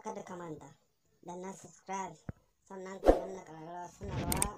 kada ka manta da na subscribe sannan ka danna ƙararrawa sanarwa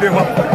电话。